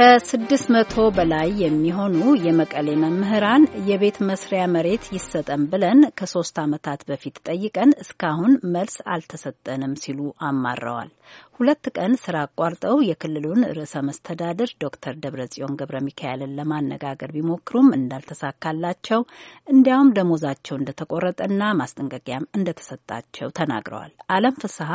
ከ600 በላይ የሚሆኑ የመቀሌ መምህራን የቤት መስሪያ መሬት ይሰጠን ብለን ከሶስት ዓመታት በፊት ጠይቀን እስካሁን መልስ አልተሰጠንም ሲሉ አማረዋል። ሁለት ቀን ስራ አቋርጠው የክልሉን ርዕሰ መስተዳድር ዶክተር ደብረጽዮን ገብረ ሚካኤልን ለማነጋገር ቢሞክሩም እንዳልተሳካላቸው እንዲያውም ደሞዛቸው እንደተቆረጠና ማስጠንቀቂያም እንደተሰጣቸው ተናግረዋል። አለም ፍስሀ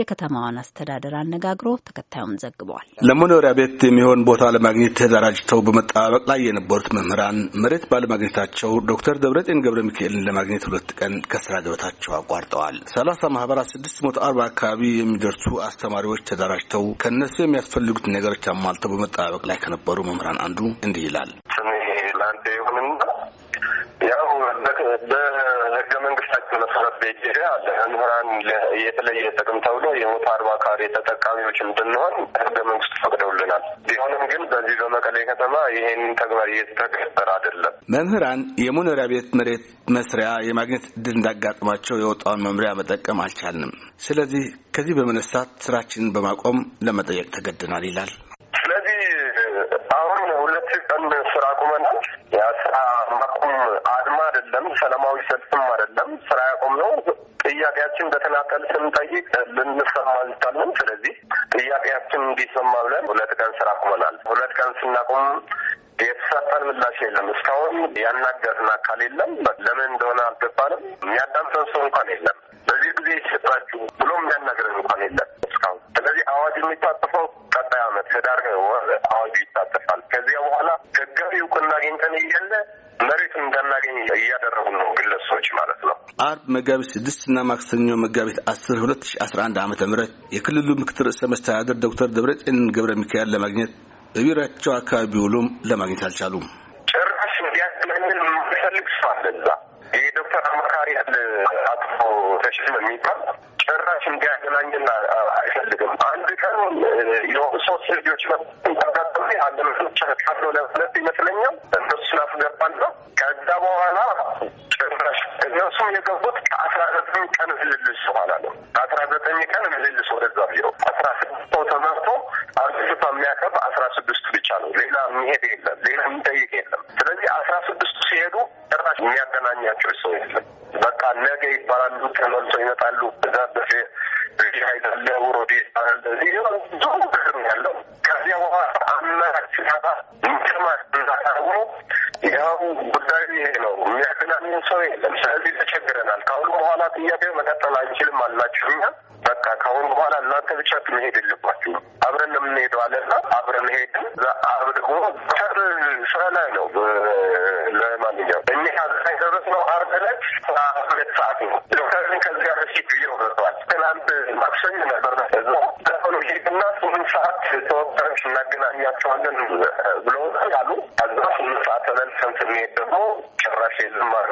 የከተማዋን አስተዳደር አነጋግሮ ተከታዩን ዘግቧል። ለመኖሪያ ቤት የሚሆን ቦታ ቦታ ለማግኘት ተደራጅተው በመጠባበቅ ላይ የነበሩት መምህራን መሬት ባለማግኘታቸው ዶክተር ደብረጤን ገብረ ሚካኤልን ለማግኘት ሁለት ቀን ከስራ ገበታቸው አቋርጠዋል። ሰላሳ ማህበራት ስድስት መቶ አርባ አካባቢ የሚደርሱ አስተማሪዎች ተደራጅተው ከእነሱ የሚያስፈልጉት ነገሮች አሟልተው በመጠባበቅ ላይ ከነበሩ መምህራን አንዱ እንዲህ ይላል። ስሜ ላንዴ ይሁንና ያው ቤጅ አለ መምህራን የተለየ ጥቅም ተብሎ የሞት አርባ ካሬ ተጠቃሚዎች እንድንሆን ህገ መንግስቱ ፈቅደውልናል። ቢሆንም ግን በዚህ በመቀሌ ከተማ ይህን ተግባር እየተተገበረ አይደለም። መምህራን የመኖሪያ ቤት መሬት መስሪያ የማግኘት እድል እንዳጋጥማቸው የወጣውን መምሪያ መጠቀም አልቻልንም። ስለዚህ ከዚህ በመነሳት ስራችንን በማቆም ለመጠየቅ ተገድናል ይላል። ስለዚህ አሁን ሁለት ቀን ስራ አቁመናል። የስራ ማቆም አድማ አይደለም ሰላማዊ ሰልፍም ስራ ያቆም ነው። ጥያቄያችን በተናጠል ስንጠይቅ ልንሰማ አልቻልንም። ስለዚህ ጥያቄያችን እንዲሰማ ብለን ሁለት ቀን ስራ አቁመናል። ሁለት ቀን ስናቁም የተሰጠን ምላሽ የለም። እስካሁን ያናገርን አካል የለም። ለምን እንደሆነ አልገባንም። የሚያዳምጠን ሰው እንኳን የለም። መሬት እንዳናገኝ እያደረጉ ነው ግለሰቦች ማለት ነው። አርብ መጋቢት ስድስት እና ማክሰኞ መጋቢት አስር ሁለት ሺ አስራ አንድ አመተ ምህረት የክልሉ ምክትል ርዕሰ መስተዳደር ዶክተር ደብረጽዮን ገብረ ሚካኤል ለማግኘት በቢሮቸው አካባቢ ቢውሉም ለማግኘት አልቻሉም። ጭራሽ እንዲያስለንን የምፈልግ ሰው አለ እዛ የዶክተር አማካሪ ያለ አቶ ተሽም የሚባል ጭራሽ እንዲያገናኝና አይፈልግም። አንድ ቀን ሶስት ልጆች መጣ አንድ መስሎች ካለ ለሁለት ይመስለኛል እነሱን አስገባለሁ እሳቸውን የገቡት ከአስራ ዘጠኝ ቀን ምልልስ በኋላ ነው። ከአስራ ዘጠኝ ቀን ምልልስ ወደዛ ቢሮ አስራ ስድስት ሰው ተመርቶ አርሽፋ የሚያቀብ አስራ ስድስቱ ብቻ ነው። ሌላ የሚሄድ የለም። ሌላ የሚጠይቅ የለም። ስለዚህ አስራ ስድስቱ ሲሄዱ ጭራሽ የሚያገናኛቸው ሰው የለም። በቃ ነገ ይባላሉ፣ ተመልሶ ይመጣሉ። እዛ በፌ ሬዲ ሀይዳለ ውሮዲ ይባላል። ብዙ ነገር ነው ያለው ከዚያ በኋላ አምላክ ያው ጉዳዩ ይሄ ነው። የሚያገናኙ ሰው የለም። ስለዚህ ተቸግረናል። ከአሁኑ በኋላ ጥያቄ መቀጠል አንችልም አላችሁና በቃ ከአሁኑ በኋላ እናንተ ብቻ መሄድ የለባችሁ አብረን የምንሄደዋለና አብረን ሄድ አብ ደግሞ ተር ስራ ላይ ነው። ለማንኛውም እኒህ አዘ ደረስ አርብ ዕለት ሁለት ሰዓት ነው ጉዳዮች እናገናኛቸዋለን ብለው ያሉ አዛ ስምንት ሰዓት ተመልሰን ስንሄድ ደግሞ ጭራሽ የለም አሉ።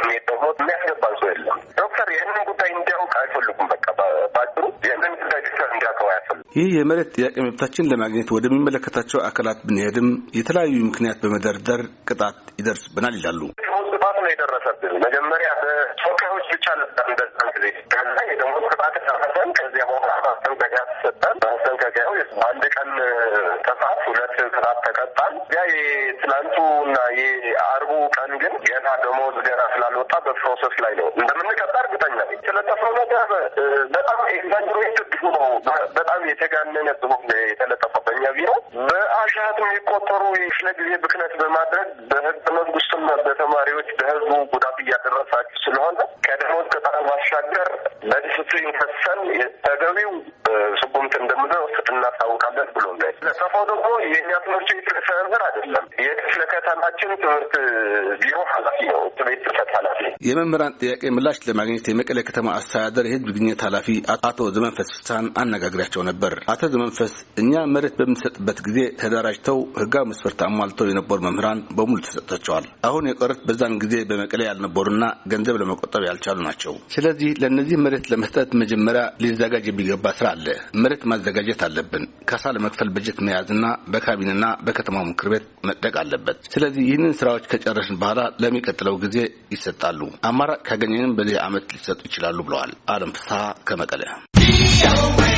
ስንሄድ ደግሞ የሚያስገባን ሰው የለም። ዶክተር ይህንን ጉዳይ እንዲያውቅ አይፈልጉም። በቃ ባጭሩ ይህንን ጉዳይ ዶክተር እንዲያውቀው ይህ የመሬት ጥያቄ መብታችን ለማግኘት ወደሚመለከታቸው አካላት ብንሄድም የተለያዩ ምክንያት በመደርደር ቅጣት ይደርስብናል ይላሉ። ቅጣት ነው የደረሰብን። መጀመሪያ በተወካዮች ብቻ ነበር እንደዛን ጊዜ ደግሞ ቅጣት ከዚያ በኋላ ማስጠንቀቂያ ተሰጠን። አንድ ቀን ተጻፍ ሁለት ቅጣት ተቀጣል። ያ የትላንቱ የትናንቱና የአርቡ ቀን ግን ገና ደሞዝ ገና ስላልወጣ በፕሮሰስ ላይ ነው እንደምንቀጣ እርግጠኛ ነኝ። ስለጠፈው ነገር በጣም ኤግዛጅሬት ነው። በጣም የተጋነነ ጽሁፍ የተለጠፈው በእኛ ቢሮ በአሻት የሚቆጠሩ የክፍለ ጊዜ ብክነት በማድረግ በህገ መንግስቱና በተማሪዎች በህዝቡ ጉዳት እያደረሳችሁ ስለሆነ ከደሞዝ ቅጣት ባሻገር በዲስፕሊን ከሰል ተገቢው ስንት እንደምደርስ እናሳውቃለን ብሎናል። ለሰፋው ደግሞ የእኛ ትምህርት ቤት ርዕሰ መምህር አይደለም። የክፍለ ከተማችን ትምህርት ቢሮ የመምህራን ጥያቄ ምላሽ ለማግኘት የመቀሌ ከተማ አስተዳደር የህዝብ ግንኙነት ኃላፊ አቶ ዘመንፈስ ፍስሀን አነጋግሪያቸው ነበር። አቶ ዘመንፈስ እኛ መሬት በምንሰጥበት ጊዜ ተደራጅተው ህጋዊ መስፈርት አሟልተው የነበሩ መምህራን በሙሉ ተሰጥቷቸዋል። አሁን የቀሩት በዛን ጊዜ በመቀሌ ያልነበሩና ገንዘብ ለመቆጠብ ያልቻሉ ናቸው። ስለዚህ ለእነዚህ መሬት ለመስጠት መጀመሪያ ሊዘጋጅ የሚገባ ስራ አለ። መሬት ማዘጋጀት አለብን። ካሳ ለመክፈል በጀት መያዝና በካቢኔና በከተማው ምክር ቤት መጠቅ አለበት። ስለዚህ ይህንን ስራዎች ከጨረስን በኋላ ለሚቀጥለው ጊዜ ይሰጣሉ። ነው። አማራጭ ካገኘንም በዚህ አመት ሊሰጡ ይችላሉ ብለዋል። አለም ፍስሀ ከመቀለ